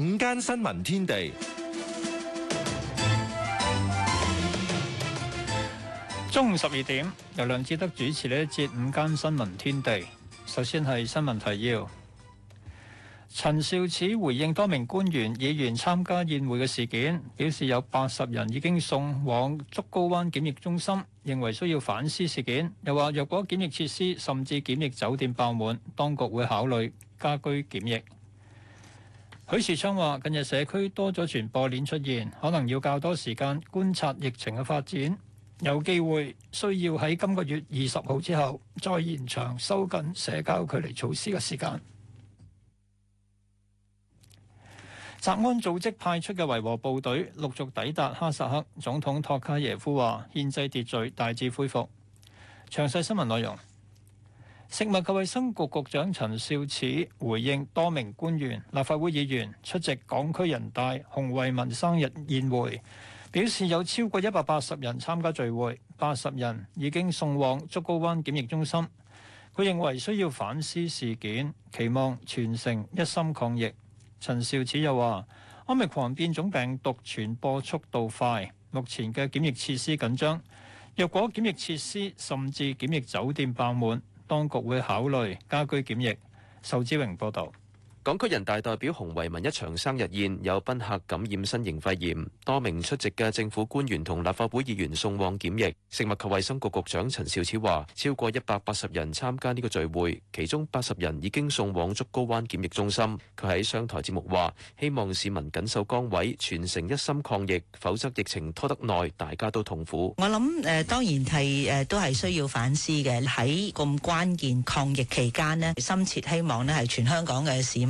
午間新聞天地，中午十二點由梁志德主持呢一節午間新聞天地。首先係新聞提要：陳肇始回應多名官員、議員參加宴會嘅事件，表示有八十人已經送往竹篙灣檢疫中心，認為需要反思事件。又話若果檢疫設施甚至檢疫酒店爆滿，當局會考慮家居檢疫。許樹昌話：近日社區多咗傳播鏈出現，可能要較多時間觀察疫情嘅發展，有機會需要喺今個月二十號之後再延長收緊社交距離措施嘅時間。集安組織派出嘅維和部隊陸續抵達哈薩克。總統托卡耶夫話：憲制秩序大致恢復。詳細新聞內容。食物及衞生局局長陳肇始回應多名官員、立法會議員出席港區人大洪為民生日宴會，表示有超過一百八十人參加聚會，八十人已經送往竹篙灣檢疫中心。佢認為需要反思事件，期望全城一心抗疫。陳肇始又話：Omicron 變種病毒傳播速度快，目前嘅檢疫設施緊張，若果檢疫設施甚至檢疫酒店爆滿。當局會考慮家居檢疫。仇志榮報道。港區人大代表洪為民一場生日宴有賓客感染新型肺炎，多名出席嘅政府官員同立法會議員送往檢疫。食物及衛生局局長陳肇始話：超過一百八十人參加呢個聚會，其中八十人已經送往竹篙灣檢疫中心。佢喺商台節目話：希望市民謹守崗位，全城一心抗疫，否則疫情拖得耐，大家都痛苦。我諗誒當然係誒都係需要反思嘅，喺咁關鍵抗疫期間咧，深切希望咧係全香港嘅市民。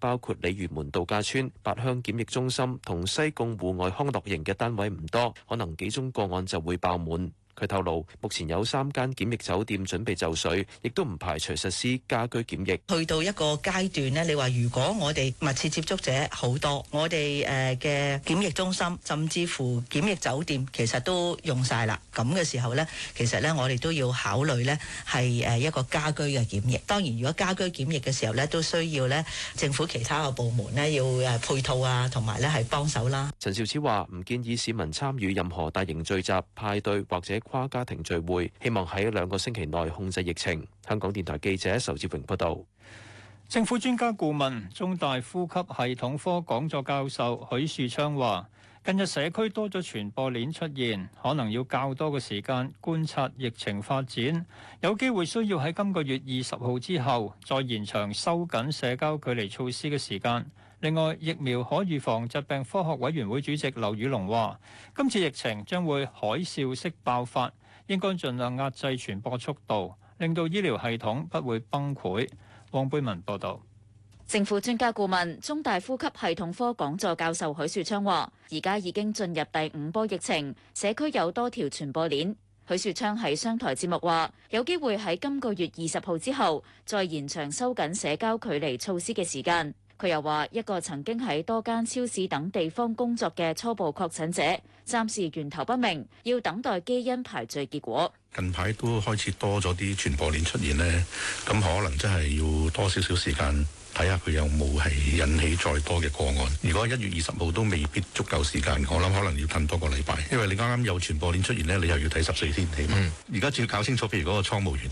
包括鯉魚門度假村、八鄉檢疫中心同西貢戶外康樂營嘅單位唔多，可能幾宗個案就會爆滿。佢透露，目前有三間檢疫酒店準備就緒，亦都唔排除實施家居檢疫。去到一個階段呢，你話如果我哋密切接觸者好多，我哋誒嘅檢疫中心，甚至乎檢疫酒店，其實都用晒啦。咁嘅時候呢，其實咧我哋都要考慮呢，係誒一個家居嘅檢疫。當然，如果家居檢疫嘅時候咧，都需要咧政府其他嘅部門咧要誒配套啊，同埋咧係幫手啦。陳肇始話唔建議市民參與任何大型聚集派對或者跨家庭聚會，希望喺兩個星期內控制疫情。香港電台記者仇志榮報道，政府專家顧問、中大呼吸系統科講座教授許樹昌話，近日社區多咗傳播鏈出現，可能要較多嘅時間觀察疫情發展，有機會需要喺今個月二十號之後再延長收緊社交距離措施嘅時間。另外，疫苗可預防疾病科學委員會主席劉宇隆話，今次疫情將會海嘯式爆發，應該盡量壓制傳播速度，令到醫療系統不會崩潰。黃貝文報導。政府專家顧問、中大呼吸系統科講座教授許樹昌話，而家已經進入第五波疫情，社區有多條傳播鏈。許樹昌喺商台節目話，有機會喺今個月二十號之後，再延長收緊社交距離措施嘅時間。佢又話：一個曾經喺多間超市等地方工作嘅初步確診者，暫時源頭不明，要等待基因排序結果。近排都開始多咗啲傳播鏈出現呢，咁可能真係要多少少時間。睇下佢有冇係引起再多嘅個案。如果一月二十號都未必足夠時間，我諗可能要等多個禮拜，因為你啱啱有傳播鏈出現呢，你又要睇十四天起碼。而家只要搞清楚，譬如嗰個倉務員，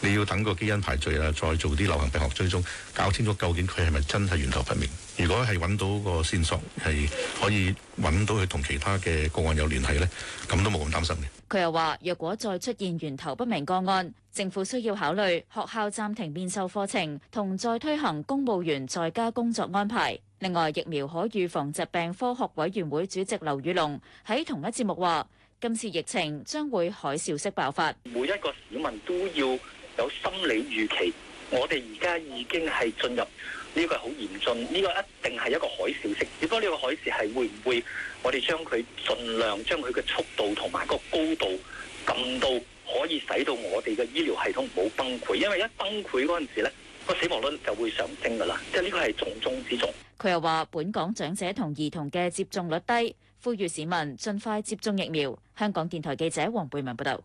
你要等個基因排序啊，再做啲流行病學追蹤，搞清楚究竟佢係咪真係源頭不明。如果係揾到個線索，係可以揾到佢同其他嘅個案有聯繫咧，咁都冇咁擔心嘅。佢又話：若果再出現源頭不明個案，政府需要考慮學校暫停面授課程，同再推行公務員在家工作安排。另外，疫苗可預防疾病科學委員會主席劉宇龍喺同一節目話：今次疫情將會海嘯式爆發，每一個市民都要有心理預期。我哋而家已經係進入。呢個係好嚴峻，呢個一定係一個海嘯式。只不過呢個海嘯係會唔會？我哋將佢儘量將佢嘅速度同埋個高度撳到，可以使到我哋嘅醫療系統唔好崩潰。因為一崩潰嗰陣時咧，個死亡率就會上升㗎啦。即係呢個係重中之重。佢又話：本港長者同兒童嘅接種率低，呼籲市民盡快接種疫苗。香港電台記者黃貝文報道。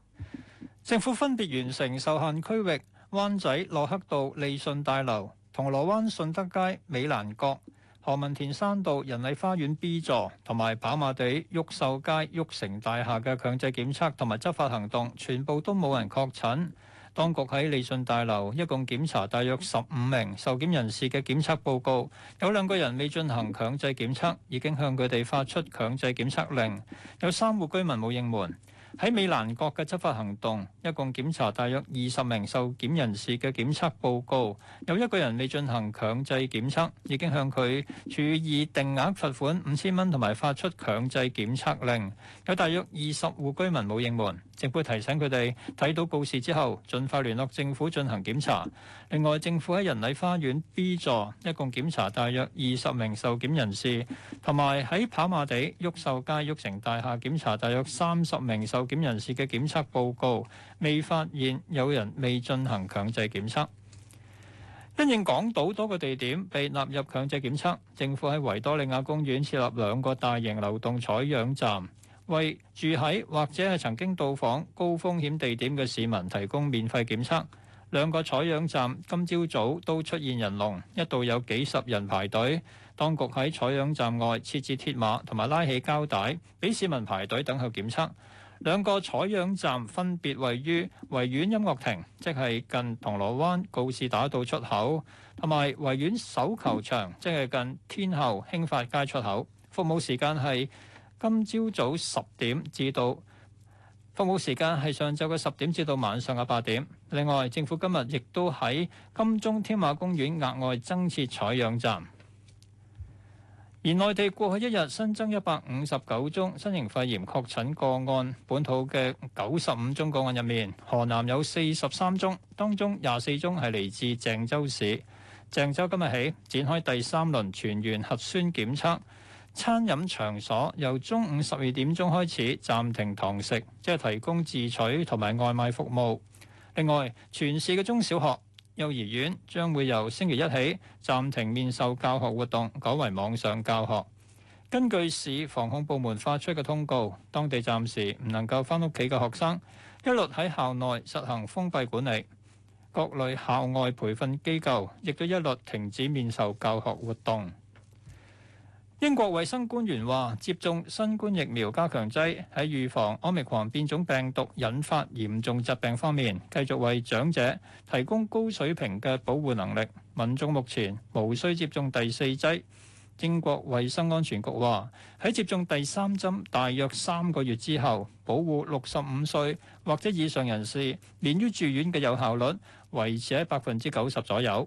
政府分別完成受限區域灣仔洛克道利信大樓。銅鑼灣順德街、美蘭閣、何文田山道仁禮花園 B 座，同埋跑馬地毓秀街育成大廈嘅強制檢測同埋執法行動，全部都冇人確診。當局喺利信大樓一共檢查大約十五名受檢人士嘅檢測報告，有兩個人未進行強制檢測，已經向佢哋發出強制檢測令，有三戶居民冇應門。喺美蘭國嘅執法行動，一共檢查大約二十名受檢人士嘅檢測報告，有一個人未進行強制檢測，已經向佢處以定額罰款五千蚊，同埋發出強制檢測令。有大約二十戶居民冇應門，政府提醒佢哋睇到告示之後，盡快聯絡政府進行檢查。另外，政府喺仁禮花園 B 座一共檢查大約二十名受檢人士，同埋喺跑馬地毓秀街毓成大廈檢查大約三十名受檢人士嘅檢測報告，未發現有人未進行強制檢測。因應港島多個地點被納入強制檢測，政府喺維多利亞公園設立兩個大型流動採樣站，為住喺或者係曾經到訪高風險地點嘅市民提供免費檢測。兩個採樣站今朝早都出現人龍，一度有幾十人排隊。當局喺採樣站外設置鐵馬同埋拉起膠帶，俾市民排隊等候檢測。兩個採樣站分別位於維園音樂亭，即係近銅鑼灣告士打道出口，同埋維園手球場，即係近天后興發街出口。服務時間係今朝早十點至到，服務時間係上晝嘅十點至到晚上嘅八點。另外，政府今日亦都喺金鐘添馬公園額外增設採樣站。而內地過去一日新增一百五十九宗新型肺炎確診個案，本土嘅九十五宗個案入面，河南有四十三宗，當中廿四宗係嚟自鄭州市。鄭州今日起展開第三輪全員核酸檢測，餐飲場所由中午十二點鐘開始暫停堂食，即係提供自取同埋外賣服務。另外，全市嘅中小學、幼兒園將會由星期一起暫停面授教學活動，改為網上教學。根據市防控部門發出嘅通告，當地暫時唔能夠返屋企嘅學生，一律喺校內實行封閉管理。各類校外培訓機構亦都一律停止面授教學活動。英國衛生官員話：接種新冠疫苗加強劑喺預防奧密克戎變種病毒引發嚴重疾病方面，繼續為長者提供高水平嘅保護能力。民眾目前無需接種第四劑。英國衛生安全局話：喺接種第三針大約三個月之後，保護六十五歲或者以上人士免於住院嘅有效率維持喺百分之九十左右。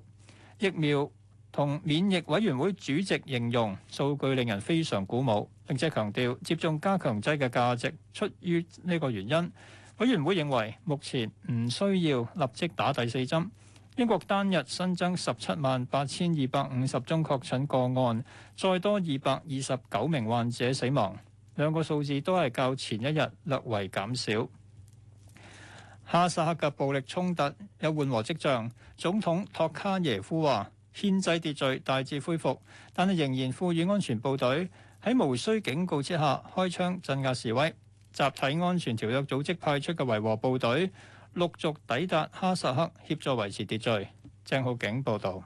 疫苗同免疫委員會主席形容數據令人非常鼓舞，並且強調接種加強劑嘅價值。出於呢個原因，委員會認為目前唔需要立即打第四針。英國單日新增十七萬八千二百五十宗確診個案，再多二百二十九名患者死亡，兩個數字都係較前一日略為減少。哈薩克嘅暴力衝突有緩和跡象，總統托卡耶夫話，憲制秩序大致恢復，但係仍然賦予安全部隊喺無需警告之下開槍鎮壓示威。集體安全條約組織派出嘅維和部隊陸續抵達哈薩克協助維持秩序。鄭浩景報導。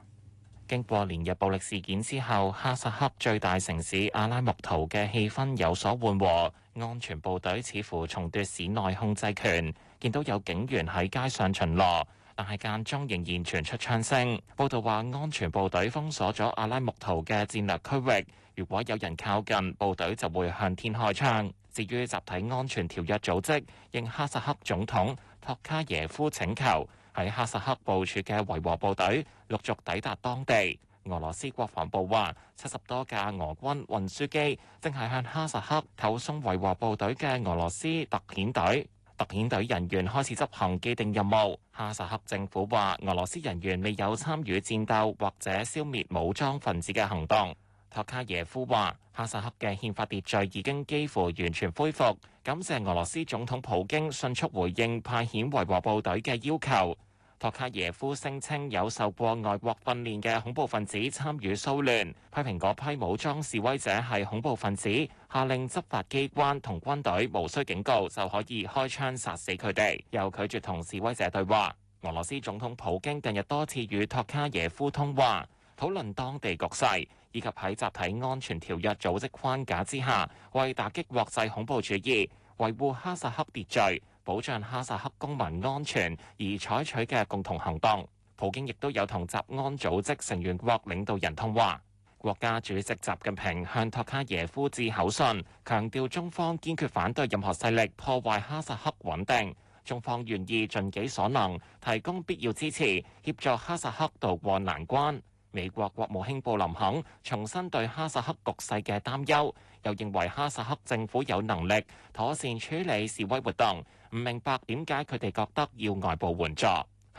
經過連日暴力事件之後，哈薩克最大城市阿拉木圖嘅氣氛有所緩和，安全部隊似乎重奪市內控制權，見到有警員喺街上巡邏。但係間中仍然傳出槍聲。報道話，安全部隊封鎖咗阿拉木圖嘅戰略區域，如果有人靠近，部隊就會向天開槍。至於集體安全條約組織，應哈薩克總統托卡耶夫請求，喺哈薩克部署嘅維和部隊陸續抵達當地。俄羅斯國防部話，七十多架俄軍運輸機正係向哈薩克投送維和部隊嘅俄羅斯特遣隊。特遣隊人員開始執行既定任務。哈薩克政府話，俄羅斯人員未有參與戰鬥或者消滅武裝分子嘅行動。托卡耶夫話，哈薩克嘅憲法秩序已經幾乎完全恢復，感謝俄羅斯總統普京迅速回應派遣維和部隊嘅要求。托卡耶夫聲稱有受過外國訓練嘅恐怖分子參與騷亂，批評嗰批武裝示威者係恐怖分子，下令執法機關同軍隊無需警告就可以開槍殺死佢哋，又拒絕同示威者對話。俄羅斯總統普京近日多次與托卡耶夫通話，討論當地局勢，以及喺集體安全條約組織框架之下，為打擊國際恐怖主義，維護哈薩克秩序，保障哈薩克公民安全而採取嘅共同行動。普京亦都有同集安組織成員國領導人通話。國家主席習近平向托卡耶夫致口信，強調中方堅決反對任何勢力破壞哈薩克穩定。中方願意盡己所能提供必要支持，協助哈薩克渡過難關。美國國務卿布林肯重新對哈薩克局勢嘅擔憂。又認為哈薩克政府有能力妥善處理示威活動，唔明白點解佢哋覺得要外部援助。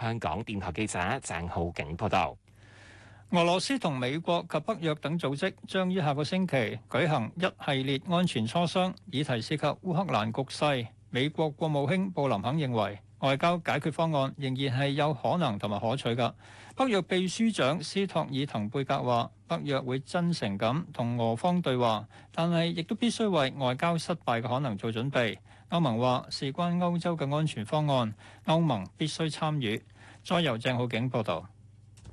香港電台記者鄭浩景報道。俄羅斯同美國及北約等組織將於下個星期舉行一系列安全磋商，議題涉及烏克蘭局勢。美國國務卿布林肯認為外交解決方案仍然係有可能同埋可取嘅。北約秘書長斯托爾滕貝格話。北約會真誠咁同俄方對話，但係亦都必須為外交失敗嘅可能做準備。歐盟話事關歐洲嘅安全方案，歐盟必須參與。再由鄭浩景報道。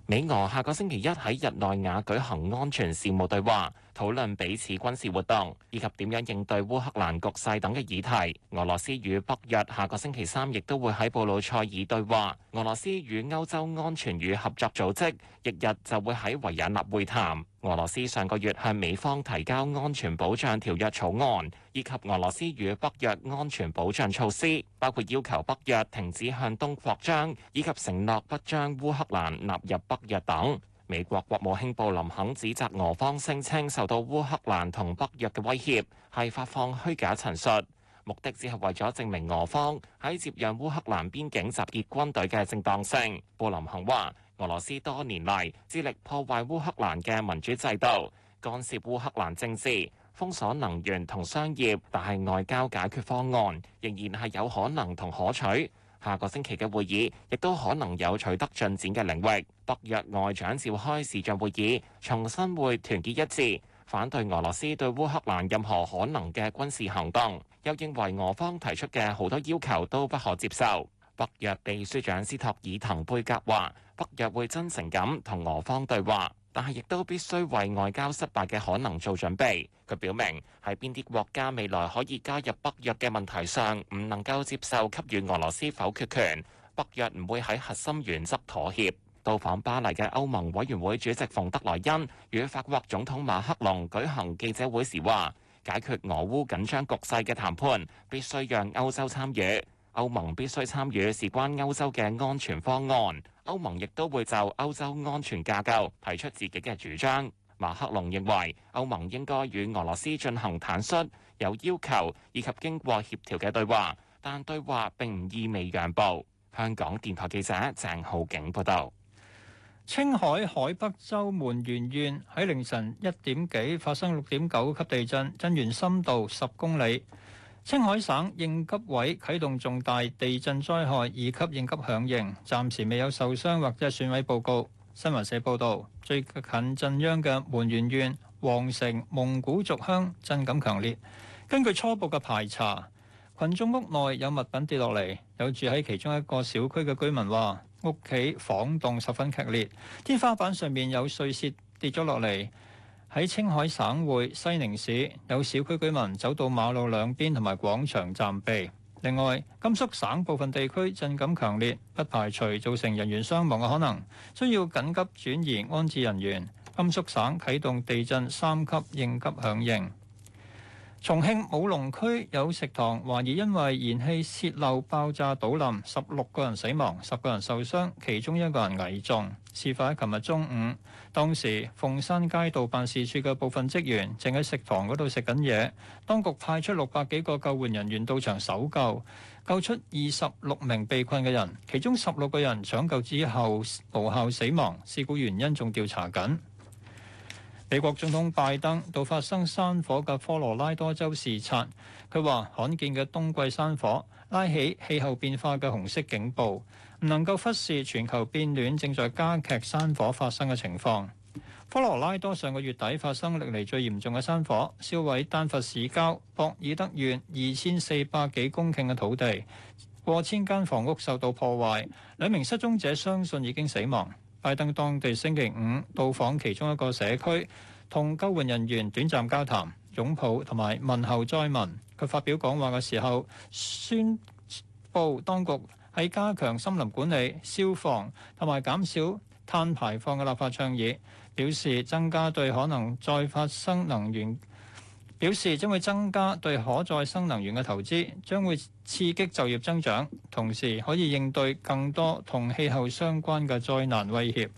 美俄下個星期一喺日內瓦舉行安全事務對話。討論彼此軍事活動以及點樣應對烏克蘭局勢等嘅議題。俄羅斯與北約下個星期三亦都會喺布魯塞爾對話。俄羅斯與歐洲安全與合作組織翌日就會喺維也納會談。俄羅斯上個月向美方提交安全保障條約草案，以及俄羅斯與北約安全保障措施，包括要求北約停止向東擴張，以及承諾不將烏克蘭納入北約等。美國國務卿布林肯指責俄方聲稱受到烏克蘭同北約嘅威脅，係發放虛假陳述，目的只係為咗證明俄方喺接壤烏克蘭邊境集結軍隊嘅正當性。布林肯話：俄羅斯多年嚟致力破壞烏克蘭嘅民主制度，干涉烏克蘭政治，封鎖能源同商業，但係外交解決方案仍然係有可能同可取。下個星期嘅會議，亦都可能有取得進展嘅領域。北約外長召開視像會議，重申會團結一致，反對俄羅斯對烏克蘭任何可能嘅軍事行動，又認為俄方提出嘅好多要求都不可接受。北約秘書長斯托爾滕貝格話：北約會真誠咁同俄方對話。但係，亦都必須為外交失敗嘅可能做準備。佢表明喺邊啲國家未來可以加入北約嘅問題上，唔能夠接受給予俄羅斯否決權。北約唔會喺核心原則妥協。到訪巴黎嘅歐盟委員會主席馮德萊恩與法國總統馬克龍舉行記者會時話：解決俄烏緊張局勢嘅談判必須讓歐洲參與，歐盟必須參與事關歐洲嘅安全方案。歐盟亦都會就歐洲安全架構提出自己嘅主張。馬克龍認為歐盟應該與俄羅斯進行坦率、有要求以及經過協調嘅對話，但對話並唔意味讓步。香港電台記者鄭浩景報道：青海海北州門源縣喺凌晨一點幾發生六點九級地震，震源深度十公里。青海省應急委啟動重大地震災害二級應急響應，暫時未有受傷或者損毀報告。新華社報道，最近震央嘅門源縣皇城蒙古族鄉震感強烈。根據初步嘅排查，群眾屋內有物品跌落嚟。有住喺其中一個小區嘅居民話，屋企晃動十分劇烈，天花板上面有碎屑跌咗落嚟。喺青海省會西寧市，有小區居民走到馬路兩邊同埋廣場暫避。另外，甘肅省部分地區震感強烈，不排除造成人員傷亡嘅可能，需要緊急轉移安置人員。甘肅省啟動地震三級應急響應。重慶武隆區有食堂，懷疑因為燃氣泄漏爆炸倒冧，十六個人死亡，十個人受傷，其中一個人危重。事發喺琴日中午，當時鳳山街道辦事處嘅部分職員正喺食堂嗰度食緊嘢，當局派出六百幾個救援人員到場搜救，救出二十六名被困嘅人，其中十六個人搶救之後無效死亡，事故原因仲調查緊。美國總統拜登到發生山火嘅科羅拉多州視察，佢話：罕見嘅冬季山火拉起氣候變化嘅紅色警報，唔能夠忽視全球變暖正在加劇山火發生嘅情況。科羅拉多上個月底發生歷嚟最嚴重嘅山火，燒毀丹佛市郊博爾德縣二千四百幾公頃嘅土地，過千間房屋受到破壞，兩名失蹤者相信已經死亡。拜登當地星期五到訪其中一個社區，同救援人員短暫交談、擁抱同埋問候災民。佢發表講話嘅時候，宣布當局喺加強森林管理、消防同埋減少碳排放嘅立法倡議，表示增加對可能再發生能源。表示將會增加對可再生能源嘅投資，將會刺激就業增長，同時可以應對更多同氣候相關嘅災難威脅。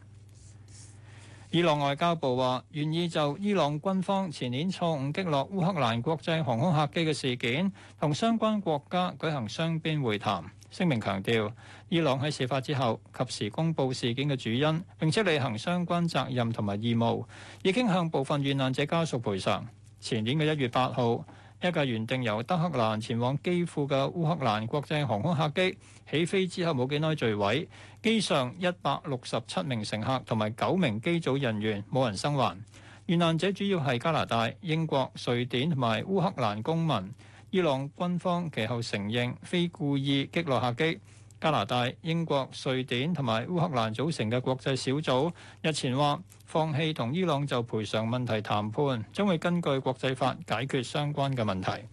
伊朗外交部話願意就伊朗軍方前年錯誤擊落烏克蘭國際航空客機嘅事件，同相關國家舉行雙邊會談。聲明強調，伊朗喺事發之後及時公佈事件嘅主因，並且履行相關責任同埋義務，已經向部分遇難者家屬賠償。前年嘅一月八號，一架原定由德黑蘭前往基輔嘅烏克蘭國際航空客機起飛之後冇幾耐墜毀，機上一百六十七名乘客同埋九名機組人員冇人生還。遇難者主要係加拿大、英國、瑞典同埋烏克蘭公民。伊朗軍方其後承認非故意擊落客機。加拿大、英國、瑞典同埋烏克蘭組成嘅國際小組日前話放棄同伊朗就賠償問題談判，將會根據國際法解決相關嘅問題。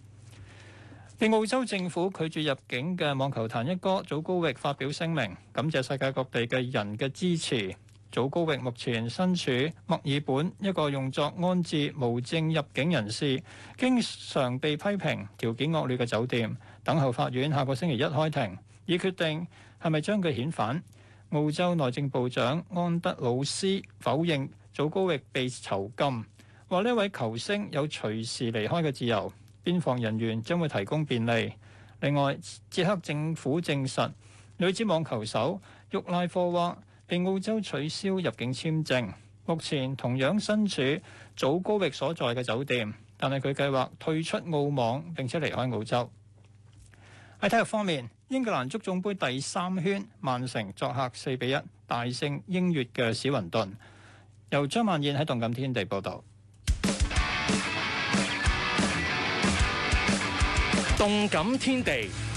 被澳洲政府拒絕入境嘅網球壇一哥祖高域發表聲明，感謝世界各地嘅人嘅支持。祖高域目前身處墨爾本一個用作安置無證入境人士，經常被批評條件惡劣嘅酒店，等候法院下個星期一開庭。已決定係咪將佢遣返。澳洲內政部長安德魯斯否認祖高域被囚禁，話呢位球星有隨時離開嘅自由，邊防人員將會提供便利。另外，捷克政府證實女子網球手沃拉科娃被澳洲取消入境簽證，目前同樣身處祖高域所在嘅酒店，但係佢計劃退出澳網並且離開澳洲。喺體育方面。英格蘭足總盃第三圈，曼城作客四比一大勝英乙嘅史雲頓。由張萬燕喺動感天地報道。動感天地。報導動感天地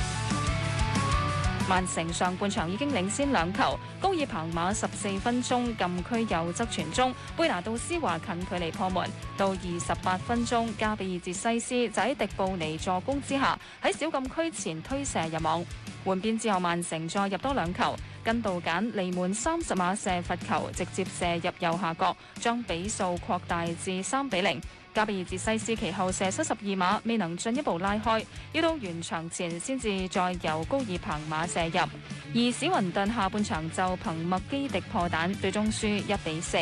曼城上半場已經領先兩球，高爾彭馬十四分鐘禁區右側傳中，貝拿杜斯華近距離破門。到二十八分鐘，加比爾哲西斯就喺迪布尼助攻之下，喺小禁區前推射入網。換邊之後，曼城再入多兩球，根杜簡離門三十碼射罰球，直接射入右下角，將比數擴大至三比零。加比爾捷西斯其後射失十二碼，未能進一步拉開，要到完場前先至再由高爾彭馬射入。而史雲頓下半場就憑麥基迪破蛋，最終輸一比四。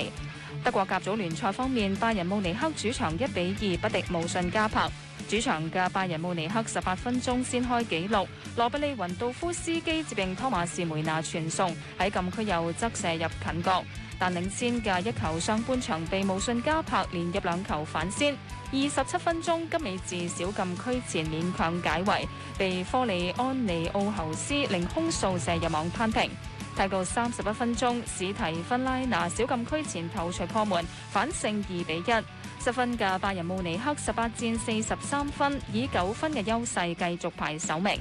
德國甲組聯賽方面，拜仁慕尼克主場一比二不敵慕遜加柏。主場嘅拜仁慕尼克十八分鐘先開紀錄，羅伯利雲道夫斯基接應托馬士梅拿傳送，喺禁區右側射入近角。但領先嘅一球上半場被無信加柏連入兩球反先。二十七分鐘，吉美治小禁區前勉強解圍，被科里安尼奧侯斯凌空掃射入網扳平。睇到三十一分鐘，史提芬拉拿小禁區前頭槌破門，反勝二比一。十分嘅拜仁慕尼克，十八戰四十三分，以九分嘅優勢繼續排首名。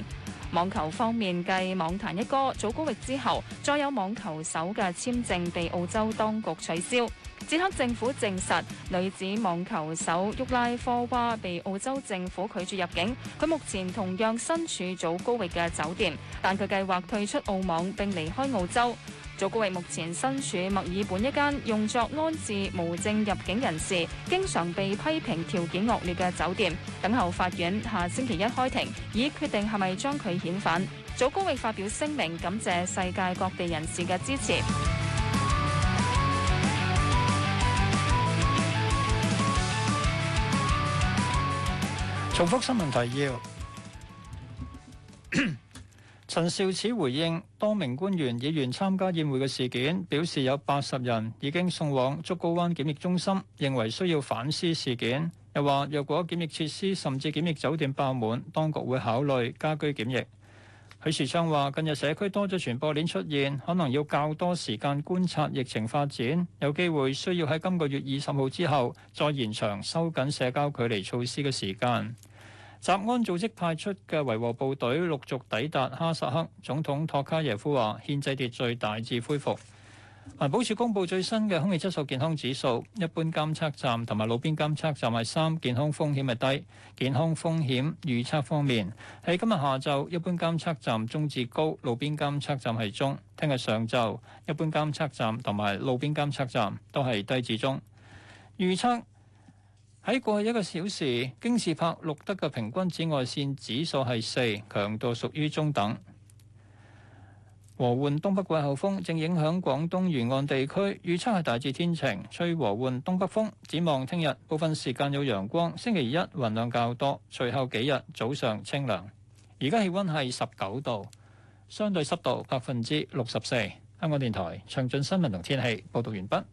網球方面，繼網壇一哥祖高域之後，再有網球手嘅簽證被澳洲當局取消。捷克政府證實，女子網球手沃拉科娃被澳洲政府拒絕入境，佢目前同樣身處祖高域嘅酒店，但佢計劃退出澳網並離開澳洲。祖高域目前身處墨爾本一間用作安置無證入境人士、經常被批評條件惡劣嘅酒店，等候法院下星期一開庭，以決定係咪將佢遣返。祖高域發表聲明，感謝世界各地人士嘅支持。重複新聞提要。 陳肇始回應多名官員、議員參加宴會嘅事件，表示有八十人已經送往竹篙灣檢疫中心，認為需要反思事件。又話若果檢疫設施甚至檢疫酒店爆滿，當局會考慮家居檢疫。許樹昌話：近日社區多咗傳播鏈出現，可能要較多時間觀察疫情發展，有機會需要喺今個月二十號之後再延長收緊社交距離措施嘅時間。集安組織派出嘅維和部隊陸續抵達哈薩克。總統托卡耶夫話：憲制秩序大致恢復。環保署公布最新嘅空氣質素健康指數，一般監測站同埋路邊監測站係三，健康風險係低。健康風險預測方面，喺今日下晝，一般監測站中至高，路邊監測站係中。聽日上晝，一般監測站同埋路邊監測站都係低至中。預測。喺過去一個小時，京士柏錄得嘅平均紫外線指數係四，強度屬於中等。和緩東北季候風正影響廣東沿岸地區，預測係大致天晴，吹和緩東北風。展望聽日，部分時間有陽光，星期一雲量較多，隨後幾日早上清涼。而家氣温係十九度，相對濕度百分之六十四。香港電台詳盡新聞同天氣報道完畢。